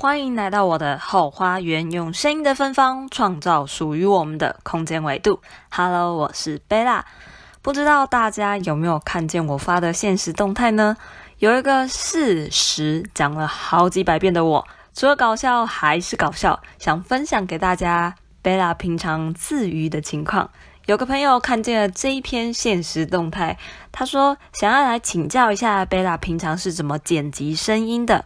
歡迎來到我的後花園，用聲音的芬芳創造屬於我們的空間維度。Hello，我是貝拉。不知道大家有沒有看見我發的現實動態呢？有一個事實講了好幾百遍的我，除了搞笑還是搞笑，想分享給大家。貝拉平常自娛的情況。有個朋友看見了這一篇現實動態，他說想要來請教一下貝拉平常是怎麼剪輯聲音的。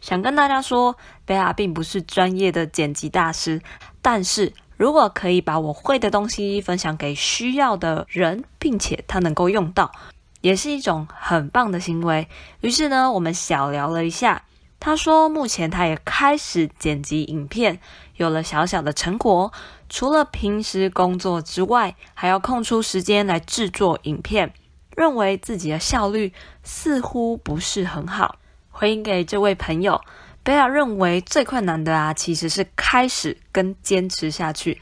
想跟大家說，貝拉並不是專業的剪輯大師，但是如果可以把我會的東西分享給需要的人，並且他能夠用到，也是一種很棒的行為。於是呢，我們小聊了一下，他說目前他也開始剪輯影片，有了小小的成果。除了平時工作之外，還要空出時間來製作影片，認為自己的效率似乎不是很好。回應給這位朋友，貝拉認為最困難的啊，其實是開始跟堅持下去。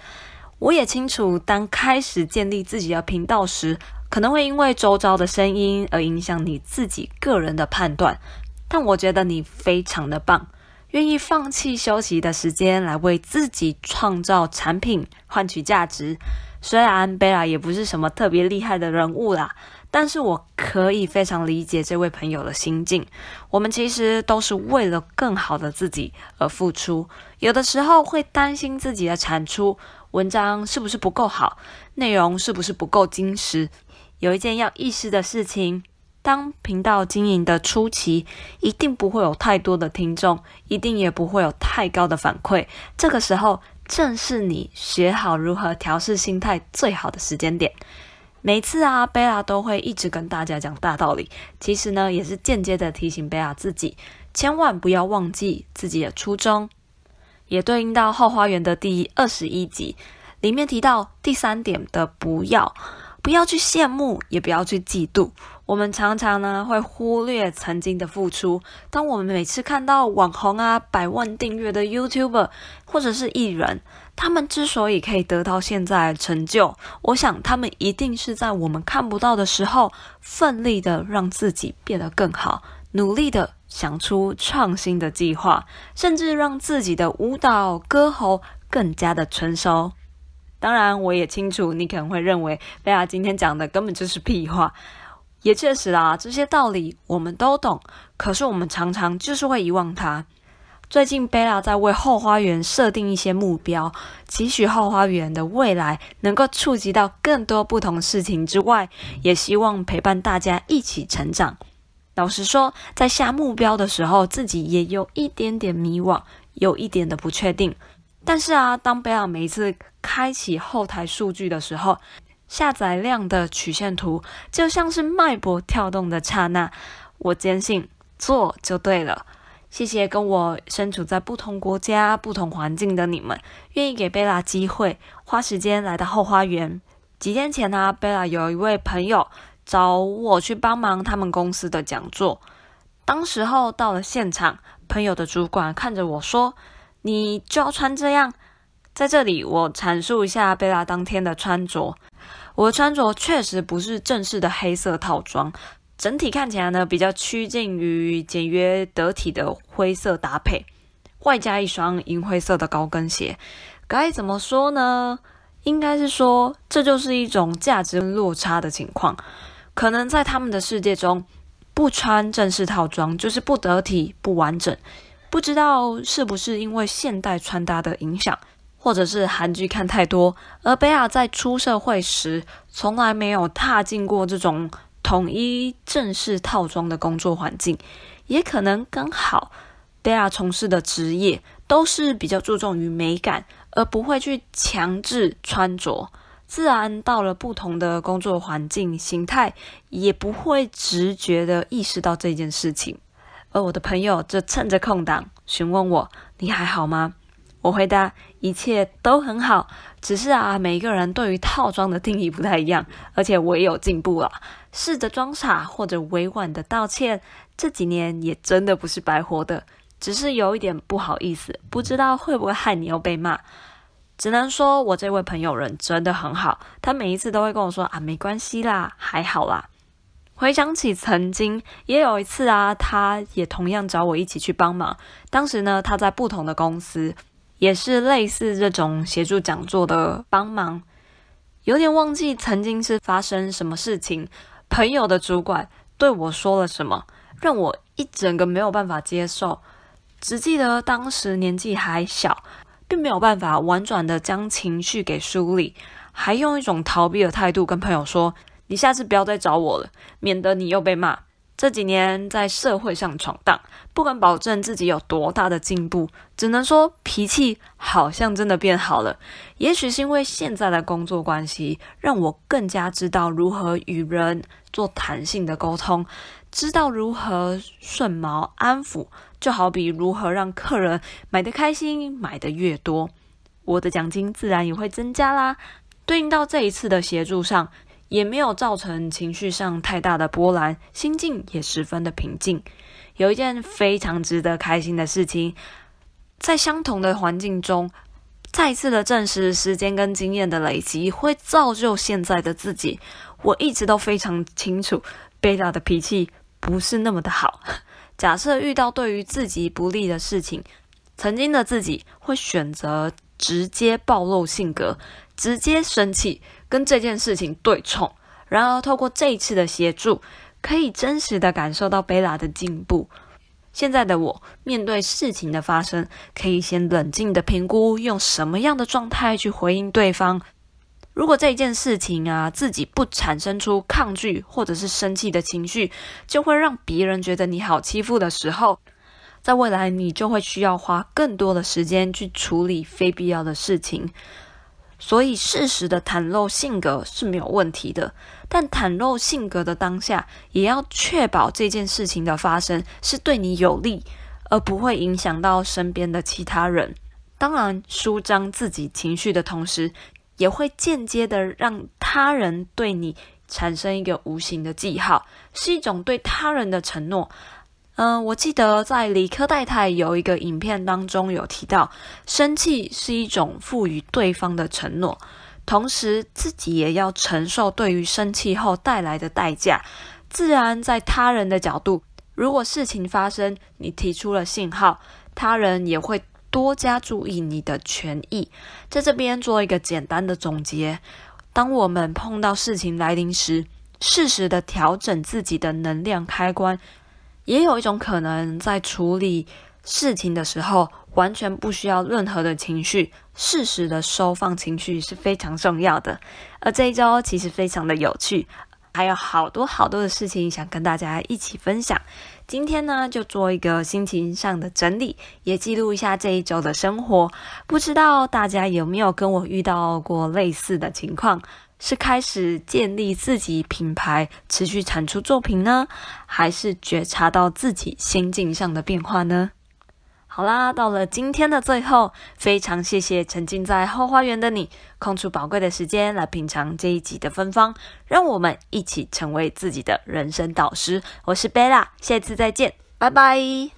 我也清楚，當開始建立自己的頻道時，可能會因為周遭的聲音而影響你自己個人的判斷。但我覺得你非常的棒，願意放棄休息的時間來為自己創造產品，換取價值。雖然貝拉也不是什麼特別厲害的人物啦，但是我可以非常理解這位朋友的心境。我們其實都是為了更好的自己而付出，有的時候會擔心自己的產出，文章是不是不夠好，內容是不是不夠精實。有一件要意識的事情，當頻道經營的初期，一定不會有太多的聽眾，一定也不會有太高的反饋。這個時候，正是你學好如何調適心態最好的時間點。每次啊，貝拉都會一直跟大家講大道理，其實呢，也是間接的提醒貝拉自己，千萬不要忘記自己的初衷，也對應到後花園的第二十一集裡面提到第三點的不要，不要去羨慕，也不要去嫉妒。我們常常呢會忽略曾經的付出。當我們每次看到網紅啊、百萬訂閱的 YouTuber，或者是藝人，他們之所以可以得到現在成就，我想他們一定是在我們看不到的時候，奮力的讓自己變得更好，努力的想出創新的計劃，甚至讓自己的舞蹈、歌喉更加的成熟。當然，我也清楚你可能會認為，貝拉今天講的根本就是屁話。也確實啊，這些道理我們都懂，可是我們常常就是會遺忘它。最近貝拉在為 Hoo 花園設定一些目標，期許 Hoo 花園的未來能夠觸及到更多不同事情之外，也希望陪伴大家一起成長。老實說，在下目標的時候，自己也有一點點迷惘，有一點的不確定。但是啊，當貝拉每一次開啟後台數據的時候，下載量的曲線圖就像是脈搏跳動的剎那。我堅信做就對了。謝謝跟我身處在不同國家、不同環境的你們，願意給貝拉機會，花時間來到 Hoo 花園。幾天前呢、啊，貝拉有一位朋友找我去幫忙他們公司的講座。當時候到了現場，朋友的主管看着我說：“你就要穿這樣。”在這裡，我闡述一下貝拉當天的穿着。我的穿着確實不是正式的黑色套裝，整體看起來呢比較趨近於簡約得體的灰色搭配，外加一雙銀灰色的高跟鞋。該怎麼說呢？應該是說這就是一種價值落差的情況。可能在他們的世界中，不穿正式套裝就是不得體、不完整。不知道是不是因為現代穿搭的影響。或者是韓劇看太多，而 Bella 在出社會時從來沒有踏進過這種統一正式套裝的工作環境，也可能剛好，Bella 從事的職業都是比較注重於美感，而不會去強制穿着，自然到了不同的工作環境形態，也不會直覺的意識到這件事情，而我的朋友就趁着空檔詢問我：“你還好嗎？”我回答：一切都很好，只是啊，每一個人對於套裝的定義不太一樣，而且我也有進步了，試着裝傻或者委婉的道歉。這幾年也真的不是白活的，只是有一點不好意思，不知道會不會害你又被罵。只能說我這位朋友人真的很好，他每一次都會跟我說啊，沒關係啦，還好啦。回想起曾經也有一次啊，他也同樣找我一起去幫忙，當時呢，他在不同的公司。也是類似這種協助講座的幫忙，有點忘記曾經是發生什麼事情，朋友的主管對我說了什麼，讓我一整個沒有辦法接受，只記得當時年紀還小，並沒有辦法婉轉的將情緒給梳理，還用一種逃避的態度跟朋友說：“你下次不要再找我了，免得你又被罵。”這幾年在社會上闖蕩，不敢保證自己有多大的進步，只能說脾氣好像真的變好了。也許是因為現在的工作關係，讓我更加知道如何與人做彈性的溝通，知道如何順毛安撫，就好比如何讓客人買得開心，買得越多，我的獎金自然也會增加啦。對應到這一次的協助上。也沒有造成情緒上太大的波瀾，心境也十分的平靜。有一件非常值得開心的事情，在相同的環境中，再次的證實時間跟經驗的累積會造就現在的自己。我一直都非常清楚，貝拉的脾氣不是那麼的好。假設遇到對於自己不利的事情，曾經的自己會選擇直接暴露性格。直接生氣，跟這件事情對沖。然而，透過這次的協助，可以真實的感受到貝拉的進步。現在的我，面對事情的發生，可以先冷靜的評估，用什麼樣的狀態去回應對方。如果這件事情啊，自己不產生出抗拒或者是生氣的情緒，就會讓別人覺得你好欺負的時候，在未來你就會需要花更多的時間去處理非必要的事情。所以，適時的袒露性格是沒有問題的，但袒露性格的當下，也要確保這件事情的發生是對你有利，而不會影響到身邊的其他人。當然，舒張自己情緒的同時，也會間接的讓他人對你產生一個無形的記號，是一種對他人的承諾。嗯，我記得在《理科太太》有一個影片當中有提到，生氣是一種賦予對方的承諾，同時自己也要承受對於生氣後帶來的代價。自然，在他人的角度，如果事情發生，你提出了信號，他人也會多加注意你的權益。在這邊做一個簡單的總結：當我們碰到事情來臨時，適時的調整自己的能量開關。也有一種可能，在處理事情的時候，完全不需要任何的情緒。適時的收放情緒是非常重要的。而這一周其實非常的有趣，還有好多好多的事情想跟大家一起分享。今天呢，就做一個心情上的整理，也記錄一下這一周的生活。不知道大家有沒有跟我遇到過類似的情況？是開始建立自己品牌，持續產出作品呢？還是覺察到自己心境上的變化呢？好啦，到了今天的最後，非常謝謝沉浸在 Hoo 花園的你，空出寶貴的時間來品嘗這一集的芬芳，讓我們一起成為自己的人生導師。我是 Bella，下次再見，拜拜。